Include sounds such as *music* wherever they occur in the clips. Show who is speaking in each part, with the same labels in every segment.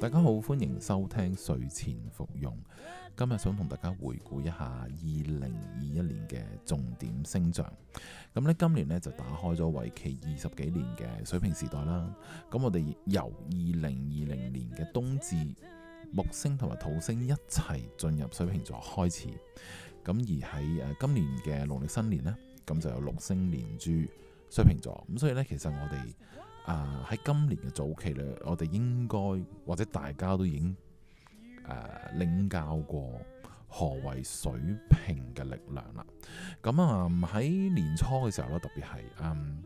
Speaker 1: 大家好，歡迎收聽睡前服用。今日想同大家回顧一下二零二一年嘅重點星象。咁、嗯、呢，今年呢，就打開咗為期二十幾年嘅水瓶時代啦。咁、嗯、我哋由二零二零年嘅冬至木星同埋土星一齊進入水瓶座開始。咁、嗯、而喺今年嘅農曆新年呢，咁、嗯、就有六星連珠水瓶座。咁、嗯、所以呢，其實我哋啊！喺、呃、今年嘅早期咧，我哋應該或者大家都已經誒領教過何謂水瓶嘅力量啦。咁啊喺年初嘅時候咧，特別係嗯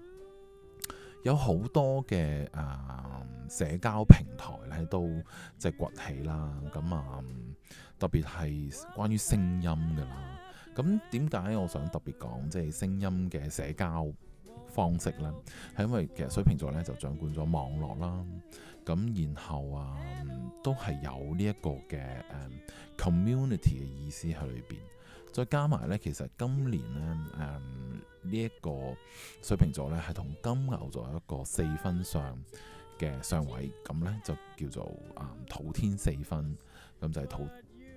Speaker 1: 有好多嘅啊、呃、社交平台咧都即係崛起啦。咁、嗯、啊特別係關於聲音嘅啦。咁點解我想特別講即係聲音嘅社交方式啦，係因為其實水瓶座咧就掌管咗網絡啦，咁然後啊，都係有呢一個嘅誒、嗯、community 嘅意思喺裏邊。再加埋咧，其實今年咧誒呢一、嗯這個水瓶座咧係同金牛座一個四分相嘅相位，咁咧就叫做誒、嗯、土天四分，咁就係土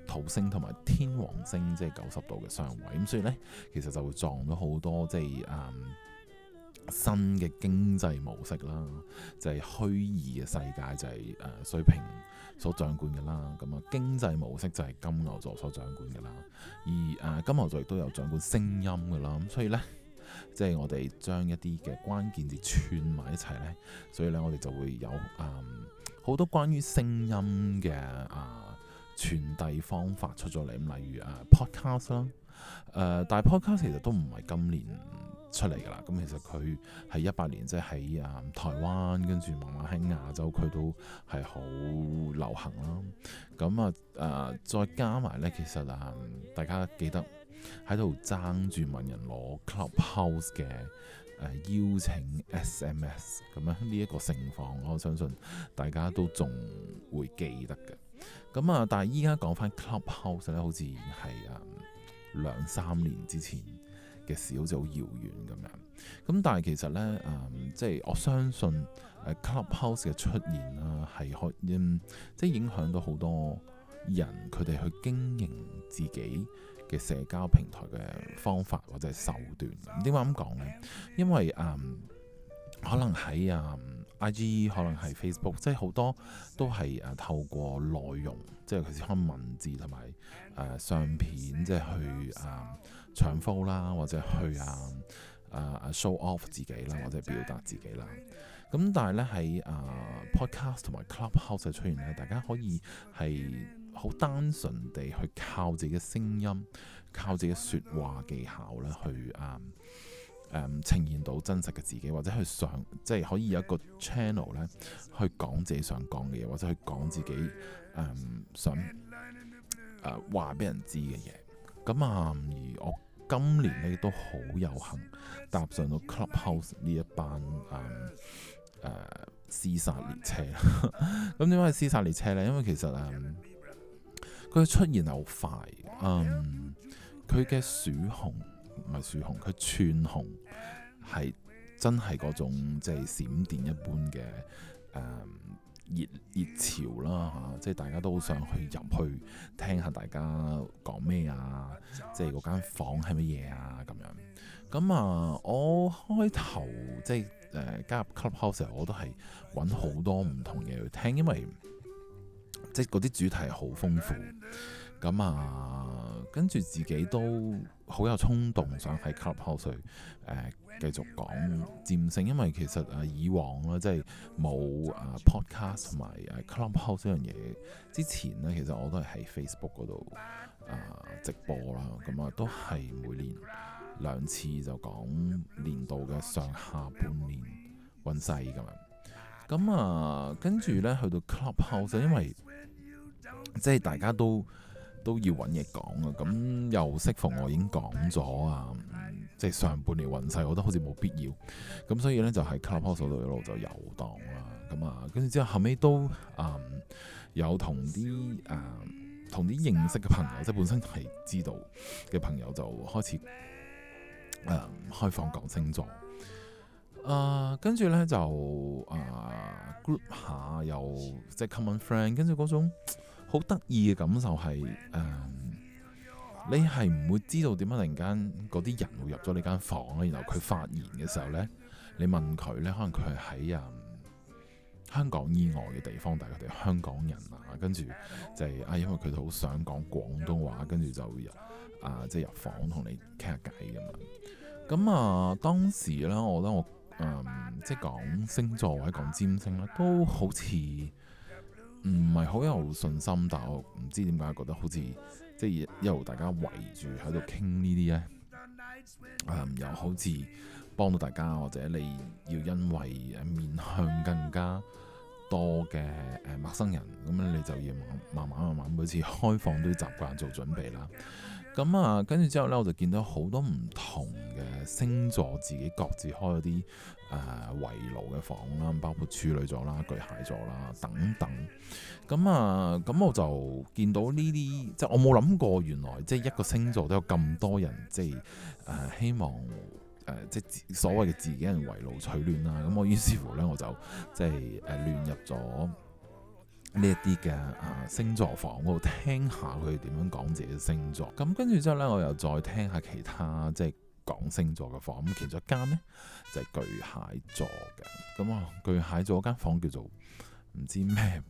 Speaker 1: 土星同埋天王星即係九十度嘅相位，咁所以咧其實就會撞到好多即係誒。就是嗯新嘅經濟模式啦，就係虛擬嘅世界就係誒水平所掌管嘅啦，咁啊經濟模式就係金牛座所掌管嘅啦，而誒金牛座亦都有掌管聲音嘅啦，咁所以咧，即係我哋將一啲嘅關鍵字串埋一齊咧，所以咧我哋就會有誒好多關於聲音嘅誒傳遞方法出咗嚟，例如誒 podcast 啦，誒但係 podcast 其實都唔係今年。出嚟噶啦，咁其實佢係一八年即係喺啊台灣，跟住慢慢喺亞洲佢都係好流行啦。咁啊誒，再加埋呢，其實啊，大家記得喺度爭住問人攞 Clubhouse 嘅誒、呃、邀請 SMS 咁樣，呢一個情況，我相信大家都仲會記得嘅。咁啊，但係依家講翻 Clubhouse 咧，好似係啊兩三年之前嘅事好似好遙遠咁樣，咁但係其實呢，誒、嗯，即係我相信誒 Clubhouse 嘅出現啦，係、嗯、可，即係影響到好多人佢哋去經營自己嘅社交平台嘅方法或者手段。點解咁講呢？因為誒、嗯，可能喺誒、嗯、IG，可能係 Facebook，即係好多都係誒、啊、透過內容，即係佢哋開文字同埋誒相片，即係去誒。嗯長 show 啦，或者去啊、uh, show off 自己啦，或者表達自己啦。咁但係咧喺啊 podcast 同埋 clubhouse 出現咧，大家可以係好單純地去靠自己嘅聲音，靠自己嘅說話技巧咧，去啊誒呈現到真實嘅自己，或者去想即係、就是、可以有一個 channel 咧，去講自己想講嘅嘢，或者去講自己誒、um, 想誒話俾人知嘅嘢。咁啊、嗯，而我今年咧都好有幸搭上咗 Clubhouse 呢一班誒誒屍殺列車。咁點解係屍殺列車咧？因為其實啊，佢嘅出現係好快。嗯，佢嘅鼠紅唔係鼠紅，佢串紅係真係嗰種即係、就是、閃電一般嘅誒。嗯熱熱潮啦嚇，即係大家都好想去入去聽下，大家講咩啊？即係嗰間房係乜嘢啊？咁樣咁啊！我開頭即係誒加入 clubhouse 嘅時候，我都係揾好多唔同嘢去聽，因為即係嗰啲主題好豐富。咁啊，跟住自己都好有衝動想，想喺 Clubhouse 誒繼續講占星，因為其實誒、啊、以往咧，即係冇啊 Podcast 同埋啊 Clubhouse 呢樣嘢之前呢，其實我都係喺 Facebook 嗰度啊直播啦，咁啊都係每年兩次就講年度嘅上下半年運勢咁樣。咁啊，跟住咧去到 Clubhouse，因為即係大家都都要揾嘢講啊！咁又適逢我已經講咗啊，即係上半年運勢，我覺得好似冇必要。咁所以咧就係 Clubhouse 嗰度一路就遊蕩啦。咁啊，跟住之後後尾都嗯、啊、有同啲誒、啊、同啲認識嘅朋友，即係本身係知道嘅朋友，就開始誒、啊、開放講星座。誒跟住咧就誒、啊、group 下，又即係 common friend，跟住嗰種。好得意嘅感受係，誒、呃，你係唔會知道點解突然間嗰啲人會入咗你間房啊，然後佢發言嘅時候咧，你問佢咧，可能佢係喺誒香港以外嘅地方，但係佢哋香港人啊，跟住就係、是、啊，因為佢好想講廣東話，跟住就會入啊，即、就、係、是、入房同你傾下偈咁啊。咁啊，當時咧，我覺得我誒，即係講星座或者講占星咧，都好似～唔係好有信心，但我唔知點解覺得好似即係一路大家圍住喺度傾呢啲呢，誒、嗯、又好似幫到大家，或者你要因為面向更加多嘅陌生人，咁你就要慢慢慢慢每次開放都習慣做準備啦。咁啊，跟住、嗯、之後呢，我就見到好多唔同嘅星座自己各自開嗰啲誒圍爐嘅房啦，包括處女座啦、巨蟹座啦等等。咁、嗯、啊，咁、嗯嗯、我就見到呢啲，即係我冇諗過，原來即係一個星座都有咁多人，即係誒、呃、希望誒、呃、即係所謂嘅自己人圍爐取暖啦。咁、嗯、我於是乎呢，我就即係誒、呃、亂入咗。呢一啲嘅啊星座房嗰度聽下佢點樣講自己嘅星座，咁跟住之後咧，我又再聽下其他即係講星座嘅房。咁其中一間咧就係巨蟹座嘅，咁啊巨蟹座嗰間房叫做唔知咩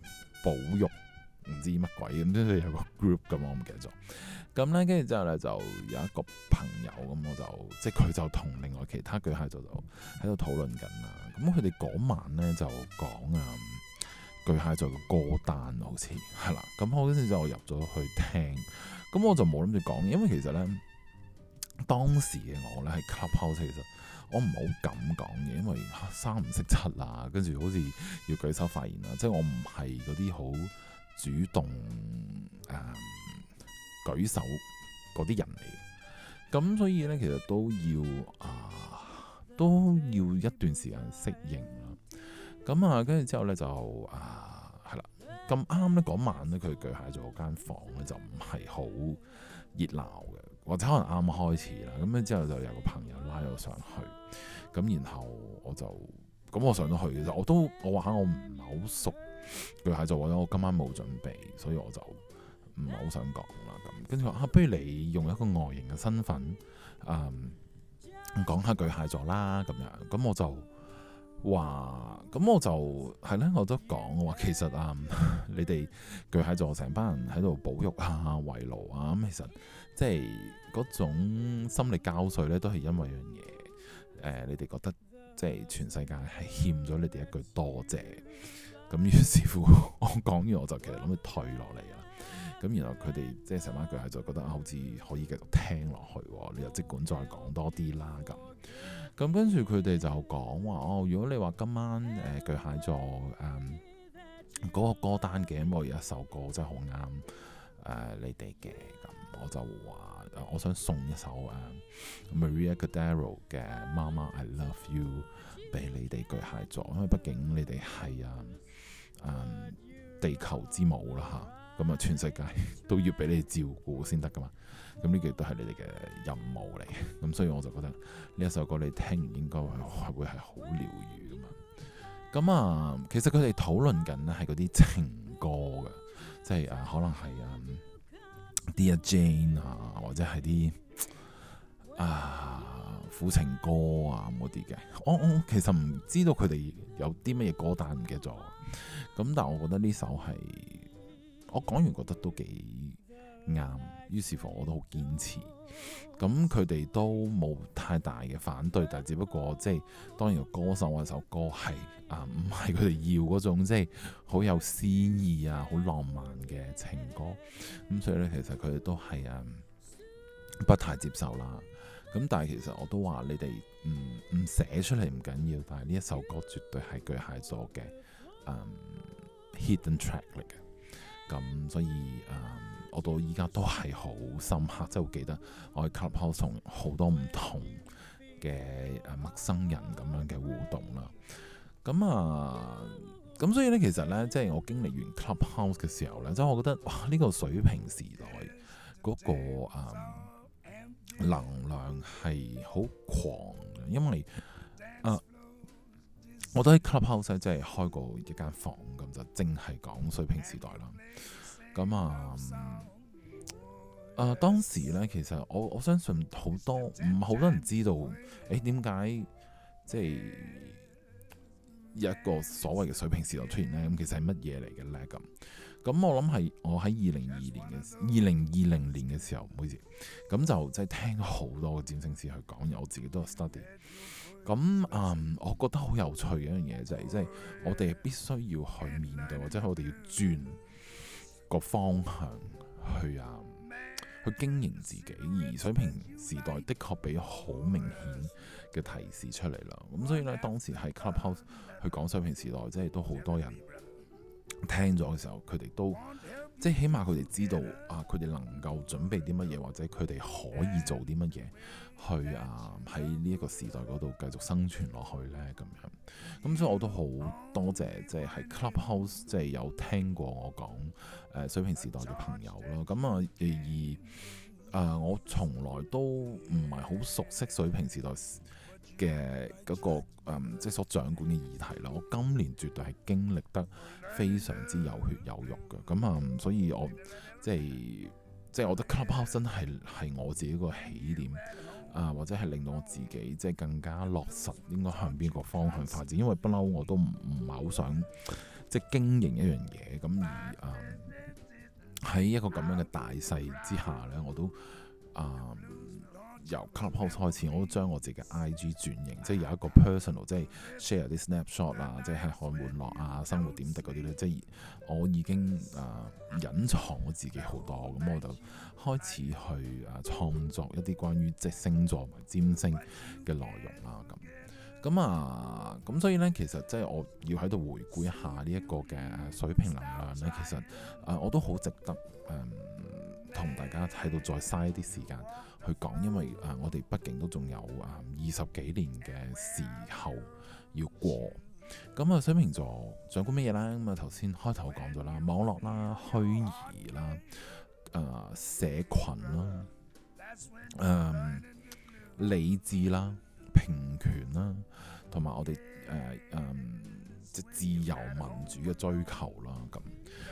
Speaker 1: 保育，唔知乜鬼咁，即係有個 group 咁，我唔記得咗。咁咧跟住之後咧就有一個朋友咁，我就即係佢就同另外其他巨蟹座就喺度討論緊啦。咁佢哋嗰晚咧就講啊～巨蟹座嘅歌單好似係啦，咁好，嗰陣時就入咗去聽，咁我就冇諗住講，因為其實咧當時嘅我咧係 Clubhouse 其實我唔好敢講嘢，因為三唔識七啊，跟住好似要舉手發言啊，即係我唔係嗰啲好主動誒舉手嗰啲人嚟，咁所以咧其實都要啊都要一段時間適應。咁啊，跟住之後咧就啊，係啦，咁啱咧嗰晚咧，佢巨蟹座間房咧就唔係好熱鬧嘅，或者可能啱開始啦。咁咧之後就有個朋友拉我上去，咁然後我就，咁、嗯、我上咗去其實我都我話嚇我唔係好熟巨蟹座，或者我今晚冇準備，所以我就唔係好想講啦。咁跟住話啊，不如你用一個外形嘅身份，嗯，講下巨蟹座啦，咁樣，咁、嗯、我就。哇，咁我就係咧，我都講話其實啊、嗯，你哋巨蟹座成班人喺度保育啊、圍爐啊，咁其實即係嗰種心理交稅咧，都係因為樣嘢，誒，你哋覺得即係全世界係欠咗你哋一句多謝，咁於是乎我講完我就其實諗住退落嚟啦，咁然後佢哋即係成班巨蟹座就覺得好似可以繼續聽落去，你就即管再講多啲啦咁。咁跟住佢哋就講話哦，如果你話今晚誒、呃、巨蟹座誒嗰、嗯那個歌單嘅，我有一首歌真係好啱誒你哋嘅，咁我就話、呃、我想送一首誒 Maria Cordero 嘅《媽、嗯、媽 I Love You》俾你哋巨蟹座，因為畢竟你哋係啊地球之母啦嚇，咁、嗯、啊全世界都要俾你照顧先得噶嘛。咁呢個亦都係你哋嘅任務嚟，咁所以我就覺得呢一首歌你聽完應該係會係好療癒㗎嘛。咁啊，其實佢哋討論緊咧係嗰啲情歌㗎，即係啊，可能係啊 Dear Jane 啊，或者係啲啊苦情歌啊嗰啲嘅。我我其實唔知道佢哋有啲咩歌單嘅咗。咁但係我覺得呢首係我講完覺得都幾啱，於、嗯、是乎我都好堅持，咁佢哋都冇太大嘅反對，但係只不過即係當然歌手或首歌係啊唔係佢哋要嗰種即係好有詩意啊好浪漫嘅情歌，咁、嗯、所以咧其實佢哋都係啊、嗯、不太接受啦，咁、嗯、但係其實我都話你哋唔唔寫出嚟唔緊要，但係呢一首歌絕對係巨蟹座嘅、嗯、hidden track 嚟嘅。咁所以誒、嗯，我到依家都係好深刻，即、就、係、是、記得我去 clubhouse 同好多唔同嘅誒陌生人咁樣嘅互動啦。咁啊，咁所以咧，其實咧，即、就、係、是、我經歷完 clubhouse 嘅時候咧，即、就、係、是、我覺得哇，呢、這個水平時代嗰、那個、嗯、能量係好狂嘅，因為啊。我都喺 club house 即係開過一間房，咁就正係講水平時代啦。咁、嗯、啊，啊當時咧，其實我我相信好多唔好多人知道，誒，點解即係一個所謂嘅水平時代出現呢？咁其實係乜嘢嚟嘅呢？咁、嗯、咁、嗯、我諗係我喺二零二年嘅二零二零年嘅時候，唔好意思，咁就即係聽好多嘅占星師去講嘢，我自己都有 study。咁嗯，我覺得好有趣嘅一樣嘢就係，即係我哋必須要去面對，或者我哋要轉個方向去啊，去經營自己。而水平時代的確俾好明顯嘅提示出嚟啦。咁所以呢，當時係 Clubhouse 去講水平時代，即係都好多人聽咗嘅時候，佢哋都。即係起碼佢哋知道啊，佢哋能夠準備啲乜嘢，或者佢哋可以做啲乜嘢，去啊喺呢一個時代嗰度繼續生存落去咧咁樣。咁所以我都好多謝即係、就、喺、是、Clubhouse 即係有聽過我講誒、呃、水瓶時代嘅朋友咯。咁啊而啊、呃、我從來都唔係好熟悉水瓶時代時。嘅嗰、那個、嗯、即係所掌管嘅議題啦。我今年絕對係經歷得非常之有血有肉嘅。咁啊、嗯，所以我即係即係，我覺得 Clubhouse 真係係我自己一個起點啊，或者係令到我自己即係更加落實應該向邊個方向發展。因為不嬲我都唔係好想即係經營一樣嘢咁，而誒，喺、嗯、一個咁樣嘅大勢之下咧，我都啊。嗯由 Clubhouse 開始，我都將我自己嘅 IG 轉型，即係有一個 personal，即係 share 啲 snapshot 啊，即係看開滿樂啊，生活點滴嗰啲咧，即係我已經啊、呃、隱藏我自己好多，咁我就開始去啊創作一啲關於即星座、同埋占星嘅內容啦，咁咁啊，咁所以咧，其實即係我要喺度回顧一下呢一個嘅水平能量咧，其實啊、呃、我都好值得同、呃、大家喺度再嘥一啲時間。去講，因為誒我哋畢竟都仲有誒二十幾年嘅時候要過，咁啊水瓶座掌管咩嘢咧？咁啊頭先開頭講咗啦，網絡啦、虛擬啦、誒社群啦、誒理智啦、平權啦，同埋我哋誒誒即自由民主嘅追求啦咁。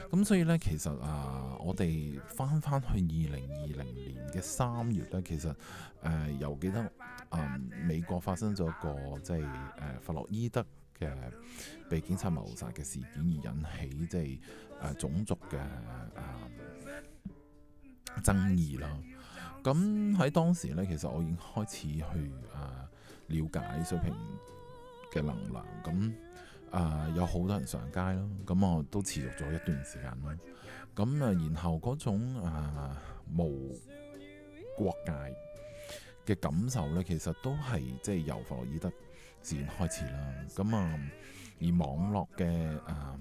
Speaker 1: 咁所以咧，其實啊，我哋返返去二零二零年嘅三月咧，其實誒，又、呃、記得啊、呃，美國發生咗一個即係誒，弗、就是呃、洛伊德嘅被警察謀殺嘅事件而引起即係誒種族嘅誒、呃、爭議啦。咁喺當時咧，其實我已經開始去啊了解水瓶嘅能量咁。啊，uh，有好多人上街咯，咁我都持續咗一段時間咯，咁啊然後嗰種啊無國界嘅感受呢，其實都係即係由弗洛伊德自然開始啦，咁啊而網絡嘅、啊、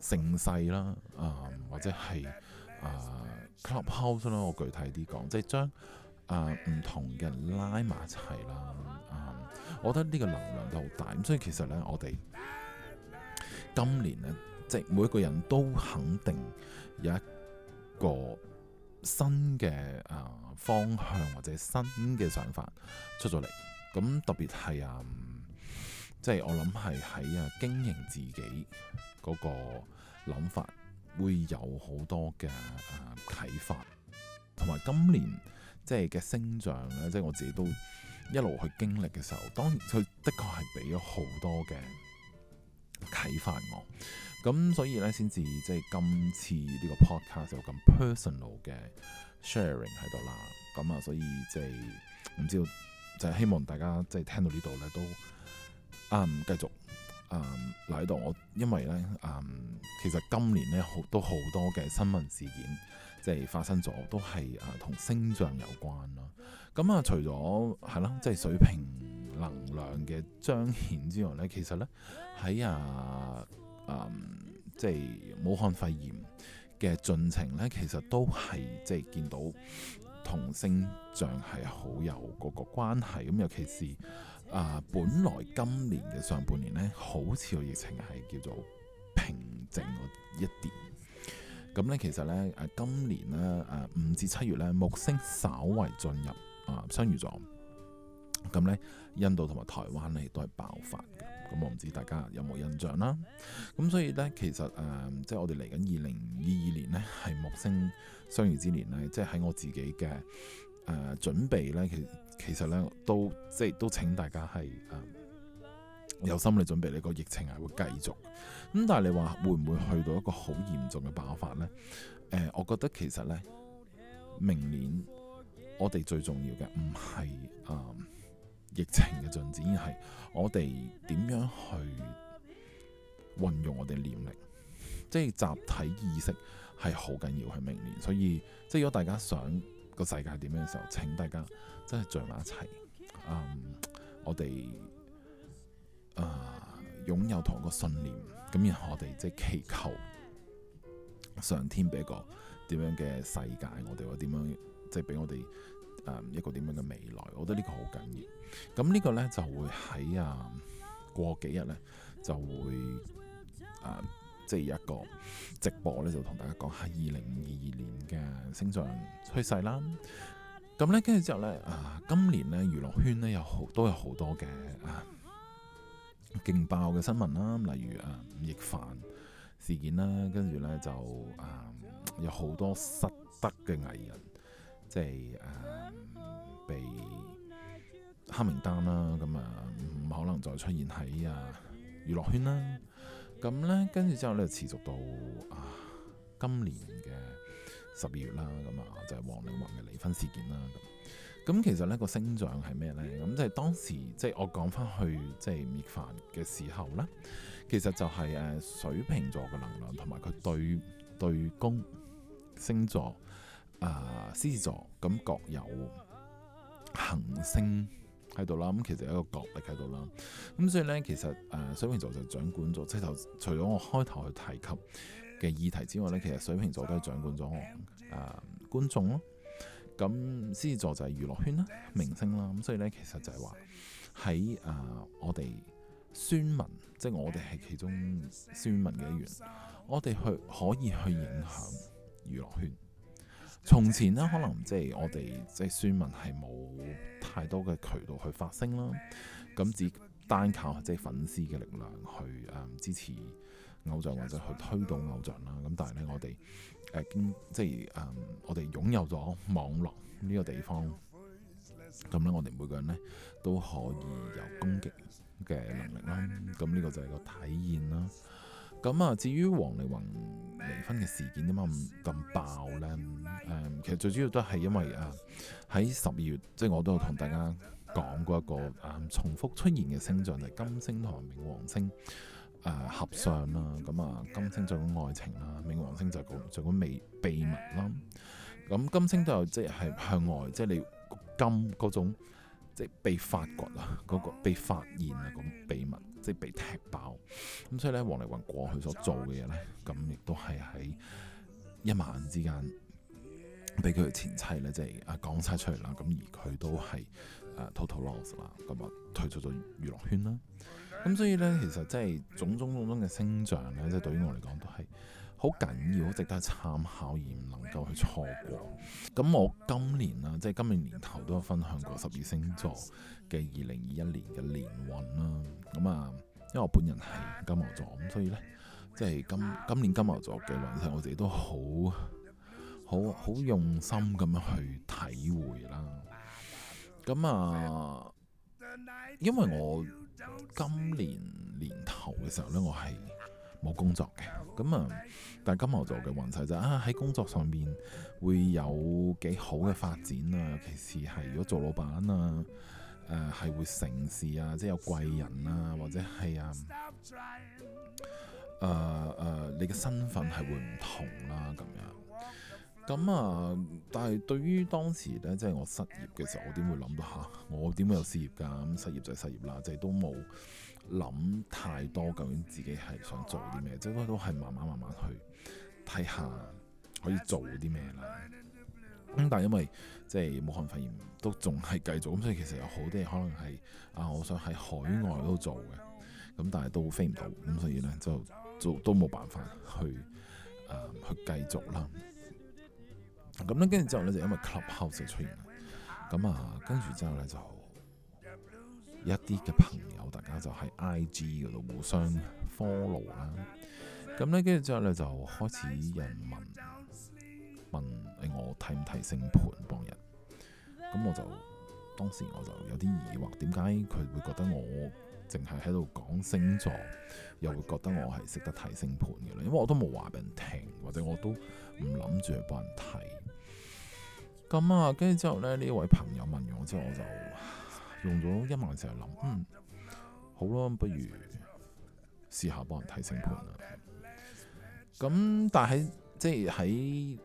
Speaker 1: 盛世啦啊或者係啊 Clubhouse 啦，我具體啲講，即係將啊唔同嘅人拉埋一齊啦啊。我覺得呢個能量都好大，咁所以其實咧，我哋今年咧，即係每一個人都肯定有一個新嘅啊、呃、方向或者新嘅想法出咗嚟。咁特別係啊、嗯，即係我諗係喺啊經營自己嗰個諗法，會有好多嘅啊、呃、啟發。同埋今年即係嘅星象咧，即係我自己都，一路去經歷嘅時候，當然佢的確係俾咗好多嘅啟發我，咁所以咧先至即係今次呢個 podcast 有咁 personal 嘅 sharing 喺度啦，咁啊 *laughs* 所以即係唔知道就係希望大家即係聽到呢度咧都啊繼、嗯、續啊、嗯、留喺度，我因為咧啊、嗯，其實今年咧好都好多嘅新聞事件。即係發生咗，都係啊，同星象有關咯。咁啊，除咗係咯，即係水平能量嘅彰顯之外咧，其實咧喺啊啊，嗯、即係武漢肺炎嘅進程咧，其實都係即係見到同星象係好有嗰個關係。咁、啊、尤其是啊，本來今年嘅上半年咧，好似個疫情係叫做平靜一啲。咁咧，其實咧，誒今年咧，誒五至七月咧，木星稍為進入啊雙魚座，咁咧，印度同埋台灣咧亦都係爆發嘅。咁我唔知大家有冇印象啦。咁所以咧，其實誒、呃，即係我哋嚟緊二零二二年咧，係木星雙魚之年咧，即係喺我自己嘅誒、呃、準備咧，其其實咧都即係都請大家係誒。呃有心理準備，你個疫情係會繼續咁，但係你話會唔會去到一個好嚴重嘅爆發呢？誒、呃，我覺得其實呢，明年我哋最重要嘅唔係啊疫情嘅進展，而係我哋點樣去運用我哋念力，即係集體意識係好緊要。係明年，所以即係如果大家想個世界點樣嘅時候，請大家真係聚埋一齊。嗯，我哋。啊、呃，擁有同個信念，咁然後我哋即係祈求上天俾個點樣嘅世界，我哋會點樣即係俾我哋啊、呃、一個點樣嘅未來，我覺得呢個好緊要。咁呢個咧就會喺啊過幾日咧就會啊即係、就是、一個直播咧就同大家講下二零二二年嘅星象趨勢啦。咁咧跟住之後咧啊，今年咧娛樂圈咧有好都有多有好多嘅啊。勁爆嘅新聞啦，例如啊吳、嗯、亦凡，凡事件啦，跟住咧就誒、嗯、有好多失德嘅藝人，即係誒、嗯、被黑名單啦，咁啊唔可能再出現喺啊娛樂圈啦。咁咧跟住之後咧持續到啊今年嘅十二月啦，咁啊就係王力宏嘅離婚事件啦。咁咁其實呢個星象係咩呢？咁即係當時即係我講翻去即係 Mc 飯嘅時候呢，其實就係誒水瓶座嘅能量同埋佢對對宮星座啊獅子座咁各有行星喺度啦。咁其實有一個角力喺度啦。咁所以呢，其實誒水瓶座就掌管咗，即係除咗我開頭去提及嘅議題之外呢，其實水瓶座都係掌管咗誒、呃、觀眾咯。咁獅子座就係娛樂圈啦，明星啦，咁所以咧，其實就係話喺啊，我哋宣文，即係我哋係其中宣文嘅一員，我哋去可以去影響娛樂圈。從前呢，可能即係我哋即係宣文係冇太多嘅渠道去發聲啦，咁只單靠即係粉絲嘅力量去誒、嗯、支持。偶像或者去推動偶像啦，咁但係咧，我哋誒、呃、即係誒、呃，我哋擁有咗網絡呢個地方，咁咧我哋每個人咧都可以有攻擊嘅能力啦，咁呢個就係個體驗啦。咁啊，至於王力宏離婚嘅事件點解咁咁爆咧？誒、嗯，其實最主要都係因為啊，喺十二月，即係我都有同大家講過一個啊，重複出現嘅星象就係、是、金星同冥王星。誒、呃、合相啦，咁啊，金星就講愛情啦，冥王星就講就講未秘密啦，咁金星都係即係向外，即、就、係、是、你金嗰種即係、就是、被發掘啊，嗰、那個被發現啊，咁秘密即係、就是、被踢爆。咁所以咧，王力宏過去所做嘅嘢咧，咁亦都係喺一晚之間俾佢嘅前妻咧，即、就、係、是、啊講晒出嚟啦，咁而佢都係誒 total loss 啦，咁啊退出咗娛樂圈啦。咁所以咧，其實即係種種種種嘅星象咧，即係對於我嚟講都係好緊要，好值得參考而唔能夠去錯過。咁我今年啦，即係今年年頭都有分享過十二星座嘅二零二一年嘅年運啦。咁啊，因為我本人係金牛座，咁所以咧，即係今今年金牛座嘅運勢，我自己都好好好用心咁樣去體會啦。咁啊，因為我今年年頭嘅時候呢，我係冇工作嘅，咁、就是、啊，但係金牛座嘅運勢就啊喺工作上面會有幾好嘅發展啊，尤其是係如果做老闆啊，誒係會成事啊，即係有貴人啊，或者係啊，誒、啊、誒，你嘅身份係會唔同啦，咁樣。咁啊、嗯！但係對於當時咧，即係我失業嘅時候，我點會諗到下？我點會有事業㗎？咁失業就係失業啦，即係都冇諗太多究竟自己係想做啲咩，即係都都係慢慢慢慢去睇下可以做啲咩啦。咁但係因為即係武漢肺炎都仲係繼續，咁所以其實有好多嘢可能係啊，我想喺海外都做嘅。咁但係都飛唔到，咁所以咧就，就都都冇辦法去、嗯、去繼續啦。咁咧，跟住之後咧就因為 clubhouse 就出現咁啊，跟住之後咧就一啲嘅朋友，大家就喺 IG 嗰度互相 follow 啦，咁咧，跟住之後咧就開始有人問，問誒我睇唔睇星盤幫人，咁我就當時我就有啲疑惑，點解佢會覺得我？淨係喺度講星座，又會覺得我係識得睇星盤嘅啦，因為我都冇話俾人聽，或者我都唔諗住去幫人睇。咁啊，跟住之後咧，呢位朋友問完我之後，我就用咗一萬字嚟諗，嗯，好咯，不如試下幫人睇星盤啦。咁但係即係喺誒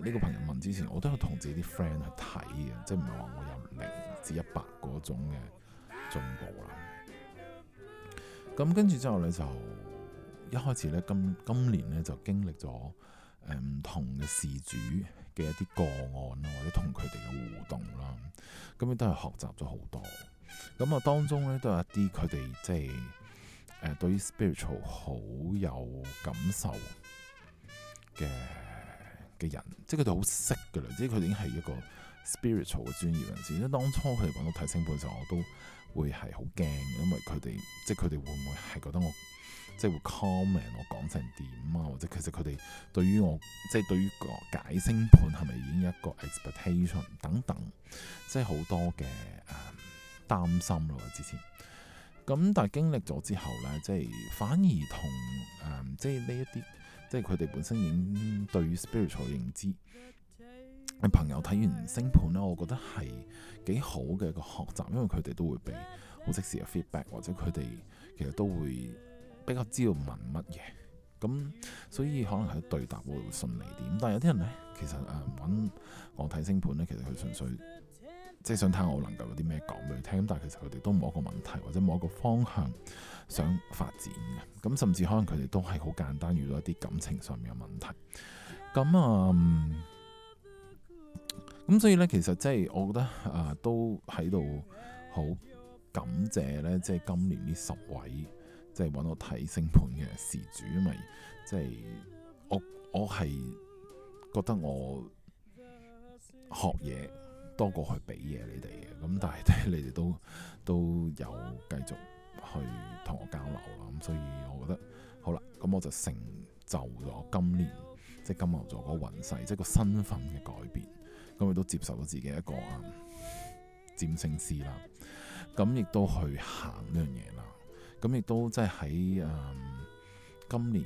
Speaker 1: 呢個朋友問之前，我都有同自己啲 friend 去睇嘅，即係唔係話我有零至一百嗰種嘅進步啦。咁跟住之後咧，就一開始咧，今今年咧就經歷咗誒唔同嘅事主嘅一啲個案啦，或者同佢哋嘅互動啦，咁、嗯、亦都係學習咗好多。咁、嗯、啊，當中咧都有一啲佢哋即係誒、呃、對於 spiritual 好有感受嘅嘅人，即係佢哋好識噶啦，即係佢哋已經係一個 spiritual 嘅專業人士。即係當初佢哋揾我睇星盤嘅時候，我都，會係好驚，因為佢哋即係佢哋會唔會係覺得我即係會 comment 我講成點啊？或者其實佢哋對於我即係對於個解星盤係咪已經一個 expectation 等等，即係好多嘅嗯、擔心咯。之前咁但係經歷咗之後咧，即係反而同誒、嗯、即係呢一啲即係佢哋本身已經對於 spiritual 認知。朋友睇完星盤咧，我覺得係幾好嘅一個學習，因為佢哋都會俾好即時嘅 feedback，或者佢哋其實都會比較知道問乜嘢，咁所以可能喺對答會順利啲。但係有啲人咧，其實誒揾、啊、我睇星盤咧，其實佢純粹即係想睇我能夠有啲咩講俾佢聽。咁但係其實佢哋都冇一個問題，或者冇一個方向想發展嘅。咁甚至可能佢哋都係好簡單遇到一啲感情上面嘅問題。咁啊～、嗯咁所以咧，其實即係我覺得啊，都喺度好感謝咧，即係今年呢十位即係搵我睇星盤嘅事主，因為即係我我係覺得我學嘢多過去俾嘢你哋嘅，咁但係睇你哋都都有繼續去同我交流啦。咁、嗯、所以我覺得好啦，咁我就成就咗今年即係金牛座個運勢，即係個身份嘅改變。咁亦都接受咗自己一個啊，占星師啦，咁、啊、亦都去行呢樣嘢啦，咁、啊、亦都即係喺誒今年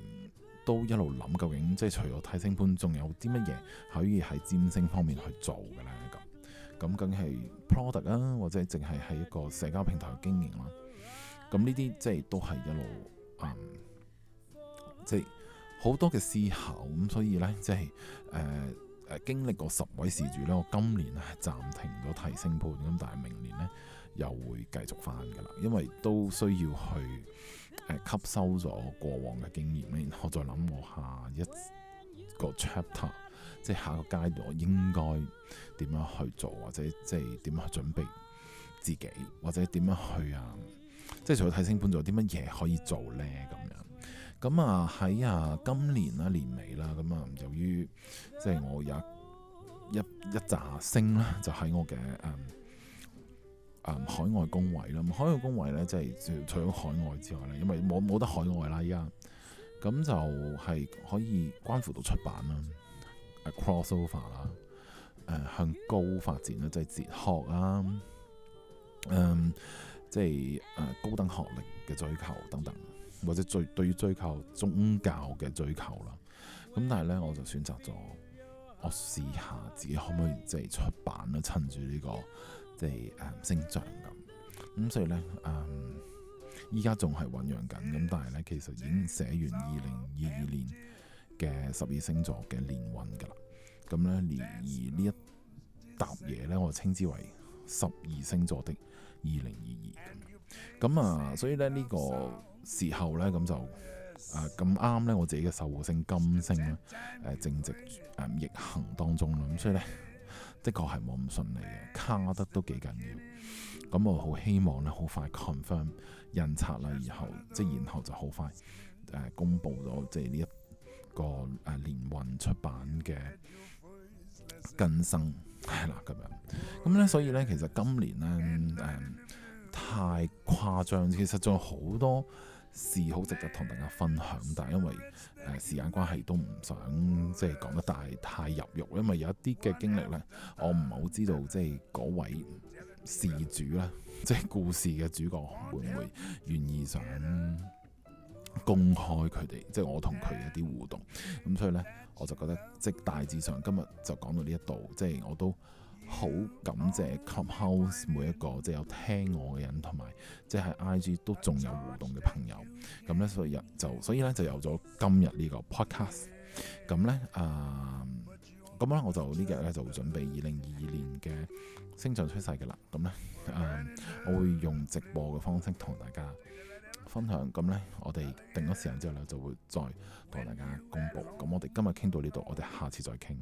Speaker 1: 都一路諗究竟即係除咗睇星盤，仲有啲乜嘢可以喺占星方面去做嘅咧？咁咁梗係 product 啦、啊，或者淨係喺一個社交平台經營啦，咁呢啲即係都係一路誒、啊，即係好多嘅思考咁、啊，所以咧即係誒。啊經歷過十位事主咧，我今年咧暫停咗提升盤，咁但係明年咧又會繼續翻嘅啦，因為都需要去吸收咗過往嘅經驗，咧，然後再諗我下一個 chapter，即係下個階段我應該點樣去做，或者即係點樣去準備自己，或者點樣去啊，即係除咗提升盤，仲有啲乜嘢可以做咧咁樣。咁啊喺啊今年啦年尾啦咁啊由於即係我有一一扎星啦就喺我嘅誒誒海外宮位啦咁海外宮位咧即係除咗海外之外咧因為冇冇得海外啦依家咁就係可以關乎到出版啦、啊、，cross over 啦、啊、誒向高發展啦即係哲學啊嗯即係誒高等學歷嘅追求等等。或者追對追求宗教嘅追求啦，咁但係咧我就選擇咗，我試下自己可唔可以即係出版啦，趁住呢、這個即係誒星象咁，咁、嗯、所以咧誒依家仲係醖釀緊，咁但係咧其實已經寫完二零二二年嘅十二星座嘅年運㗎啦，咁咧而呢一沓嘢咧，我就稱之為十二星座的二零二二咁，咁啊，所以咧、這、呢個。時候咧，咁就啊咁啱咧，我自己嘅守護星金星咧，誒、呃、正值誒逆行當中啦，咁所以咧，的確係冇咁順利嘅，卡得都幾緊要。咁我好希望咧，好快 confirm 印刷啦，然後即係、就是、然後就好快誒公佈咗即係呢一個誒年運出版嘅更新係啦，咁樣。咁咧，所以咧，其實今年咧誒、呃、太誇張，其實仲有好多。是好值得同大家分享，但係因為誒時間關係，都唔想即係講得太太入肉，因為有一啲嘅經歷呢，我唔好知道即係嗰位事主呢，即係故事嘅主角會唔會願意想公開佢哋，即係我同佢一啲互動咁，所以呢，我就覺得即大致上今日就講到呢一度，即係我都。好感謝 compose 每一個即係、就是、有聽我嘅人，同埋即係 IG 都仲有互動嘅朋友。咁呢，所以入就所以呢，就有咗今日呢個 podcast。咁呢，誒、啊，咁呢，我就呢幾、這個、日呢，就準備二零二二年嘅星象趨勢嘅啦。咁呢、啊，我會用直播嘅方式同大家分享。咁呢，我哋定咗時間之後呢，就會再同大家公布。咁我哋今日傾到呢度，我哋下次再傾。